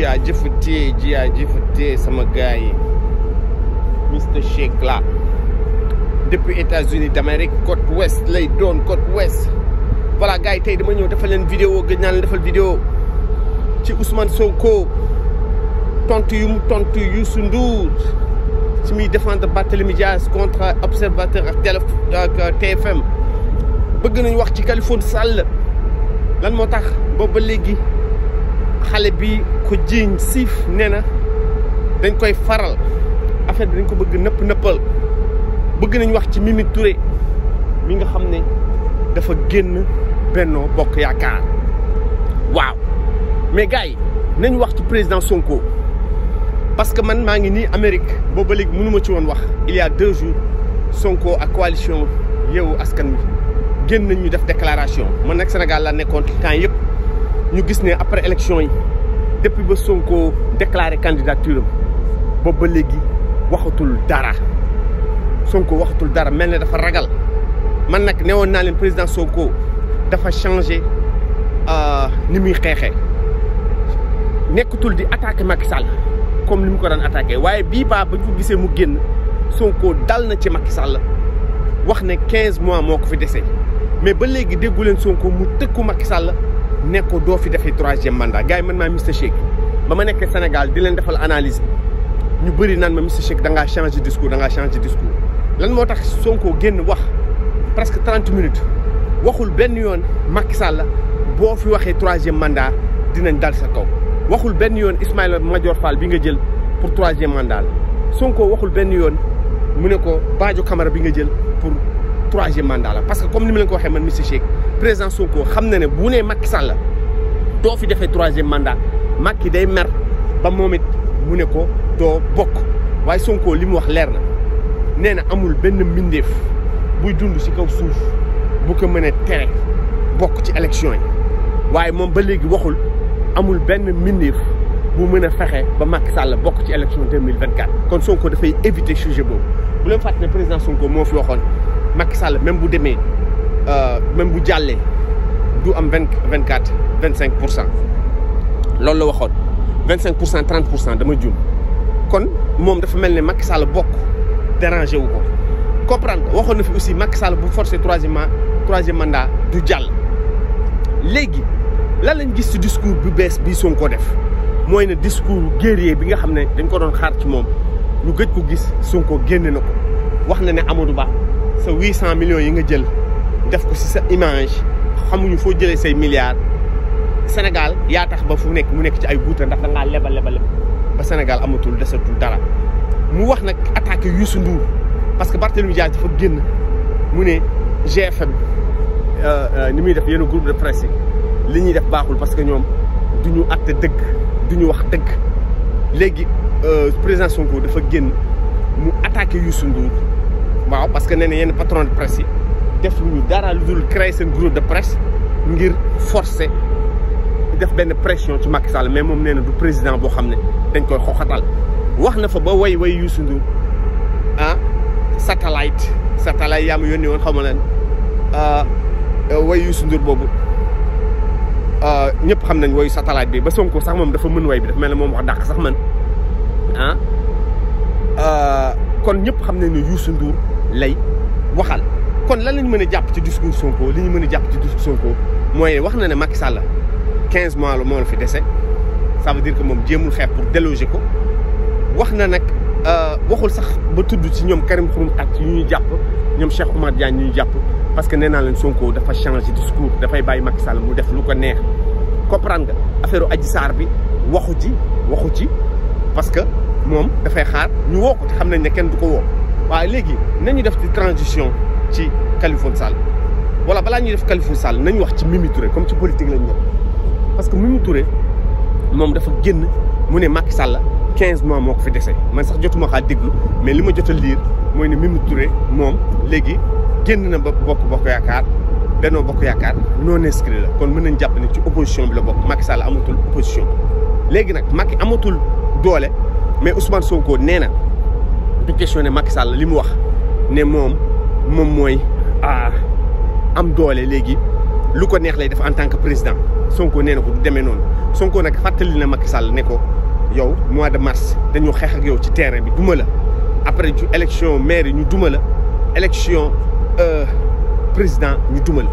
ji jiya Mr depuis États-Unis d'Amérique côte ouest Les drones, côte ouest voilà gars dama vidéo fait une vidéo ci Ousmane Sonko tontu Yum, tante, Youssou ci de défendre les médias, contre observateur TFM euh, bëgg nañ wax ci lan xale bi ko jiiñ siif nee na dañ koy faral affaire bi dañ ko bëgg nëpp nëppal bëgg nañu wax ci Mimi ture mi nga xam ne dafa génn Benno Bokk Yaakaar waaw mais gars yi nañ wax ci président Sonko parce que man maa ngi nii Amérique boobu léegi mënu ci woon wax il y a deux ak coalition Yewwi Askan Wi génn nañ ñu def déclaration man nag Sénégal laa nekkoon temps yëpp. ñu gis ne après élection yi depuis ba Sonko déclaré candidature am boobu ba léegi waxatul dara Sonko waxatul dara mel ne dafa ragal man nag newoon naa leen président Sonko dafa changé euh, ni muy xeexee nekkatul di attaqué Macky Sall comme ni mu ko daan attaqué waaye bii baa ba ñu ko gisee mu génn Sonko dal na ci Macky Sall wax ne 15 mois moo ko fi dese mais ba léegi déggu leen Sonko mu tëkku Macky Sall. neko do fi defi troisième mandat gay man ma Mister cheikh bama nek Sénégal di len defal analyse ñu bari nan ma Mister cheikh da ngaa changé discours da ngaa changé discours lan motax Sonko génn wax presque 30 minutes waxul ben yon Macky Sall bo fi waxee troisième mandat dinañ dal sa kaw waxul ben yon Ismaïla major Fall bi nga jël pour troisième mandat Sonko waxul ben yon mu ne ko Badio Camara bi nga jël pour. troisième mandat parce que comme ni ma leen ko waxee man monsieur Cheikh président Sonko xam na ne bu nee Macky Sall doo fi defee troisième mandat Macky day mer ba moom it mu ne ko doo bokk waaye Sonko li mu wax leer na nee na amul benn mbindeef buy dund ci kaw suuf bu ko mën a bokk ci élection yi waaye ba léegi waxul amul Ben mbindeef bu mën a fexe ba Macky Sall bokk ci élection 2024 Comme Sonko dafay éviter sujet boobu bu leen fàttali président Sonko moo fi waxoon Macky Sall même bu euh, même bu jallé du am vingt vingt quatre vingt la dama kon mom dafa melni Sall dérangé comprendre waxone na fi aussi Macky Sall bu le troisièmement troisième mandat du jall légui lan lañu gis le discours bu bees bi Sonko def discours guerrier bi nga dañ ko don xaar ci ko Sonko sa 800 millions yi nga jël def ko ci sa image xamuñu fo jëlé say milliards Sénégal ya tax ba fu nek mu nek ci ay guuta ndax dangaa lebal lebal ba Sénégal amatul desatul dara mu wax nak attaqué Youssou Ndour parce que Barthélemy Dias dafa génn mu euh, GFM euh, ni muy def yenn groupe de presse li ñuy def baxul parce que ñom du acte deug duñu du deug légui euh président Sonko dafa génn mu attaquer Youssou Ndour waaw parce que nee na yenn patron de presse yi ñu dara lu dul créer seen groupe de presse ngir forcer def benn pression ci Macky Sall mais moom nee na du président boo xam ne dañ koy xoxatal wax na fa ba way way Youssou Ndour ah satellite satellite yaa ma yónni woon xaw ma leen ah, way Youssou Ndour boobu ah, ñëpp xam nañ wayu satellite bi ba Sonko sax moom dafa mën way bi dafa mel ne moom wax dàq sax man ah, ah kon ñëpp xam nañ ne Youssou Ndour lay waxal kon lan la ñu mën a jàpp ci discours Sonko li ñu mën a jàpp ci discours Sonko mooy wax na ne Macky Sall 15 mois la moo la fi dese ça veut dire que moom jéemul xeeb pour déloger ko wax na nag euh, waxul sax ba tudd ci ñoom Karim Xrum Xax ñu ñuy jàpp ñoom Cheikh Oumar Diagne ñu ñuy jàpp parce que nee naa leen Sonko dafa changé discours dafay bàyyi Macky Sall mu def lu ko neex comprendre nga affaire Adji Sarr bi waxu ci waxu ci parce que moom dafay xaar ñu woo ko te xam nañ ne kenn du ko woo. Nous transition ci Khalifa Sal. voilà, balaa ñuy def Sal. wax Mimi Touré comme ci politique parce que Mimi Touré fait dafa Macky Sall 15 mois fait décès. fi dese man sax pas mais ce que je veux dire, mooy Mimi Touré moom léegi génn na choses. bokk bokk non inscrit la opposition bi la Sall amatul opposition mais Ousmane Sonko di questionné Macky Sall li mu wax mom moom moom mooy ah, am doolé légui lu ko neex lay def en tant que président Sonko nee na du démé non, Sonko nak fàttali na Macky Sall ne ko yow mois de mars dañu xeex ak yow ci terrain bi duma la après ci élection maire ñu duma la élection euh, président ñu duma la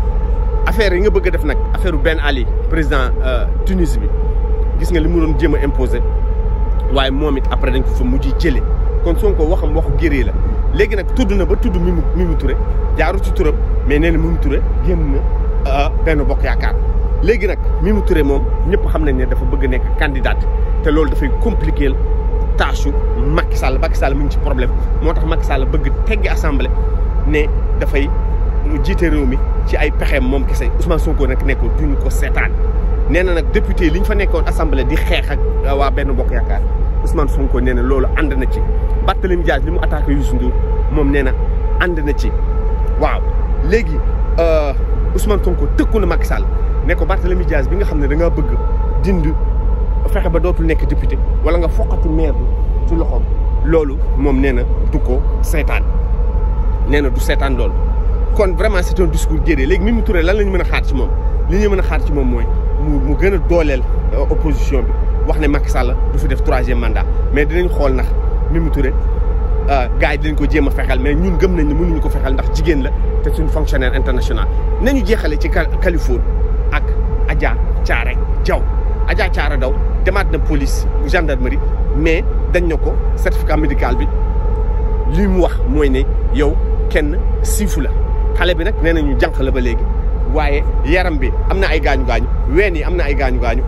affaire yi nga bëgg def nag affaire Ben Ali président euh, Tunisie bi gis nga limu mu doon jéem imposer waye momit après dañ ko fa mujj jëlé kon Sonko waxam waxu géré la léegi nag tudd na ba tudd mu Mimi Touré jaaru ci turam mais nee mu Mimi ture génn na euh, benn bokk yaakaar léegi nag Mimi Touré moom ñëpp xam nañ ne dafa bëgg nekk candidate te loolu dafay compliquer tâche Macky Sall Macky Sall mu ngi ci problème moo tax Macky Sall bëgg teggi assemblée ne dafay jiite réew mi ci ay pexeem moom kese Ousmane Sonko nag nekkul duñu ko seetaan nee na nag député li ñu fa nekkoon assemblée di xeex ak euh, waa benn bokk yaakaar. Ousmane Sonko nee na loolu ànd na ci Barthélémy Diaz limu attaquer Youssou Ndour mom nee and na ci waaw légui euh Ousmane Sonko tëkku na Macky Sall ne ko Barthélémy Diaz bi nga xam da nga bëgg dind fexe ba dootul nekk député wala nga foqati maire bi ci loxom lolu mom nee na du ko seetaan nee du seetaan lolu kon vraiment c'est un discours guédé légui Mimi Touré lan lañu mëna xaar ci mom li ñu mën xaar ci mom moy mu mu gën a euh, opposition bi wax ne Macky Sall du fi def 3e mandat mais dinañ xol nak Mimi Touré euh gaay dinañ ko jema fexal mais ñun gëm nañ ne mënuñu ko fexal ndax jigen la te suñu fonctionnaire international nañu jéxalé ci Kaliphone ak Adja Thiaré Diaw Adja Thiaré daw demaat na police gendarmerie mais dañ na ko certificat médical bi li mu wax moy ne yow kenn sifu la xale bi nak nenañu nañu la ba légui waye yaram bi amna ay gañu gañu wéni amna ay gañu gañu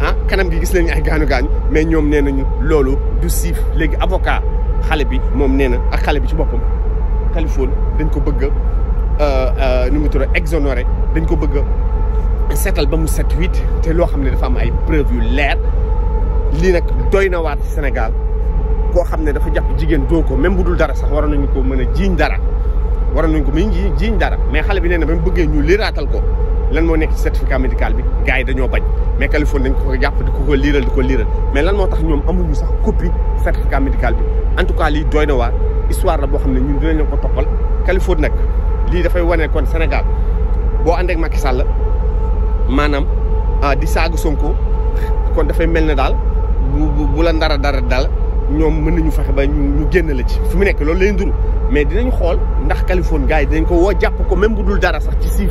ah kanam gi gis nañu ay gaañu gaañu mais ñoom nee nañu loolu du siif léegi avocat xale bi moom nee na ak xale bi ci boppam Kaliphone dañ ko bëgg a euh, euh, nu mu tudd exonéré dañ ko bëgg a seetal ba mu set huit te loo xam ne dafa am ay preuve leer lii nag doy na waat Sénégal koo xam ne dafa jàpp jigéen doo ko même bu dul dara sax waroon nañu ko mën a jiiñ dara waroon nañu ko mën jiiñ dara mais xale bi nee na ba mu bëggee ñu liiraatal ko. lan moo nekk ci certificat médical bi gars yi dañoo bañ mais Californie dañ ko ko jàpp di ko ko liiral di ko liiral mais lan moo tax ñoom amuñu sax copie certificat médical bi en tout cas lii doy na waar histoire la boo xam ne ñun dinañ ko toppal Californie nag lii dafay wane kon Sénégal boo ànd ak Macky Sall maanaam ah, di saaga Sonko kon dafay mel ne daal bu bu la ndara dara daal ñoom mën nañu fexe ba ñu génn la ci fi mu nekk loolu lay nduru mais dinañ xool ndax Californie gars yi dinañ ko woo jàpp ko même bu dul dara sax ci siif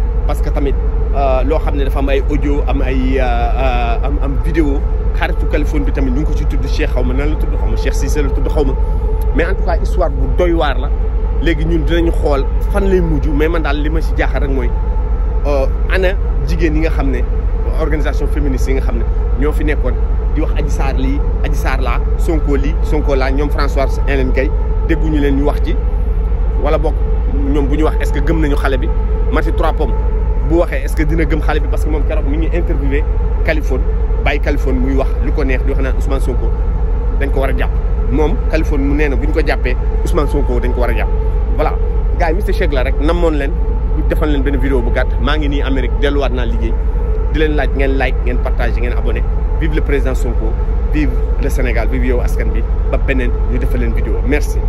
parce que tamit lo xamne dafa am ay audio am ay am am vidéo xaritu téléphone bi tamit ñu ko ci tuddu Cheikh xawma ma nan la tuddu xawma Cheikh Cissé la tuddu xawma mais en tout cas histoire bu doy war la légui ñun dinañu xol fan lay muju mais man dal lima ci jaxar rek moy euh ana jigen yi nga xamne organisation féministe yi nga xamne ne ñoo fi nekkoon di wax Adji sar li Adji sar la Sonko li Sonko la ñom François Hélène Guèye dégguñu leen ñu wax ci wala bok ñom buñu wax est-ce que gëm nañu xale bi Maty Trois Pommes bu waxee est-ce que dina gëm xale bi parce que mom keroog mi ngi interviewé Californie bàyyi Californie muy wax lu ko neex di wax na Ousmane Sonko dañ ko wara japp mom moom Californie mu nee na ko jappé Ousmane Sonko dañ ko wara japp voilà gars yi Mister Shake la rek namoon len bu defal len benn vidéo bu gatt ma ngi nii Amérique wat na liggéey di len laaj ngeen like ngeen partager ngeen abonné vive le président Sonko vive le Sénégal vive yow askan bi ba beneen ñu defal len vidéo merci